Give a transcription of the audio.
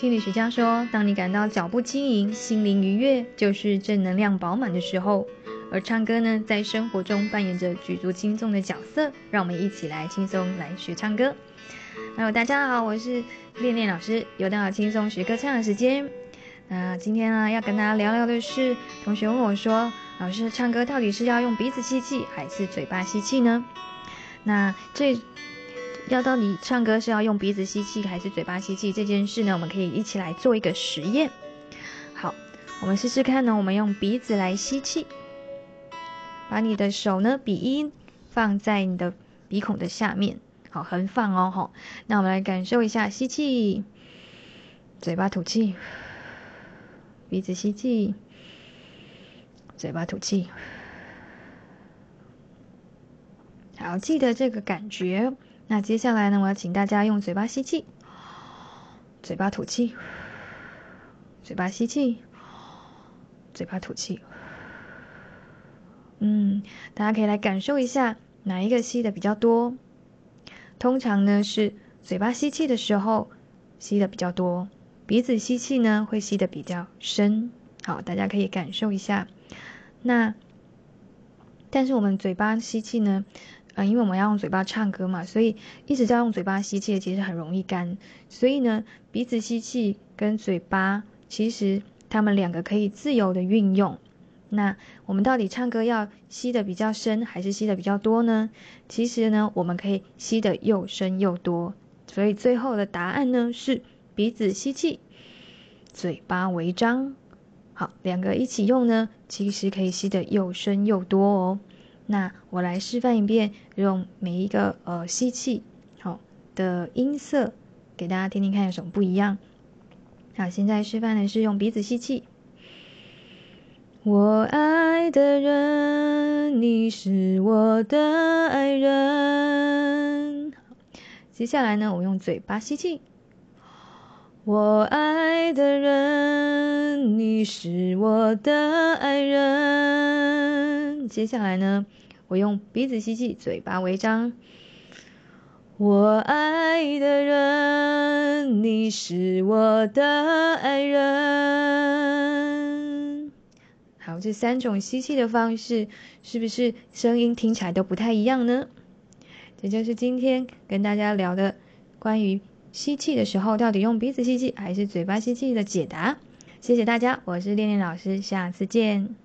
心理學家說，當你感到腳步輕盈、心靈愉悅，就是正能量飽滿的時候。而唱歌呢，在生活中扮演着舉足輕重的角色。讓我們一起來輕鬆來學唱歌。Hello，大家好，我是戀戀老師，又到了輕鬆學歌唱的時間。那、呃、今天呢，要跟大家聊聊的是，同學問我說，老師唱歌到底是要用鼻子吸氣還是嘴巴吸氣呢？那這要到你唱歌是要用鼻子吸氣還是嘴巴吸氣這件事呢？我們可以一起來做一個實驗。好，我們試試看呢，哦。我們用鼻子來吸氣，把你的手呢，鼻音放在你的鼻孔的下面，好，橫放哦，哦。好，那我們來感受一下吸氣，嘴巴吐氣，鼻子吸氣，嘴巴吐氣。好，記得這個感覺。那接下來呢，我要請大家用嘴巴吸氣，嘴巴吐氣，嘴巴吸氣，嘴巴吐氣。嗯，大家可以來感受一下哪一個吸得比較多。通常呢，是嘴巴吸氣的時候吸得比較多，鼻子吸氣呢，會吸得比較深。好，大家可以感受一下。那但是我們嘴巴吸氣呢，嗯，因為我們要用嘴巴唱歌嘛，所以一直在用嘴巴吸氣，其實很容易乾。所以呢，鼻子吸氣跟嘴巴，其實他們兩個可以自由的運用。那我們到底唱歌要吸的比較深，還是吸的比較多呢？其實呢，我們可以吸的又深又多。所以最後的答案呢是鼻子吸氣，嘴巴微張。好，兩個一起用呢，其實可以吸的又深又多哦。那我來示範一遍，用每一個呃吸氣，好的音色給大家聽聽看有什麼不一樣。好，現在示範的是用鼻子吸氣。我愛的人，你是我的愛人。接下來呢，我用嘴巴吸氣。我愛的人，你是我的愛人。接下來呢，我用鼻子吸氣，嘴巴微張。我愛的人，你是我的愛人。好，這三種吸氣的方式，是不是聲音聽起來都不太一樣呢？這就是今天跟大家聊的關於。吸氣的時候，到底用鼻子吸氣還是嘴巴吸氣的解答？謝謝大家，我是戀戀老師，下次見。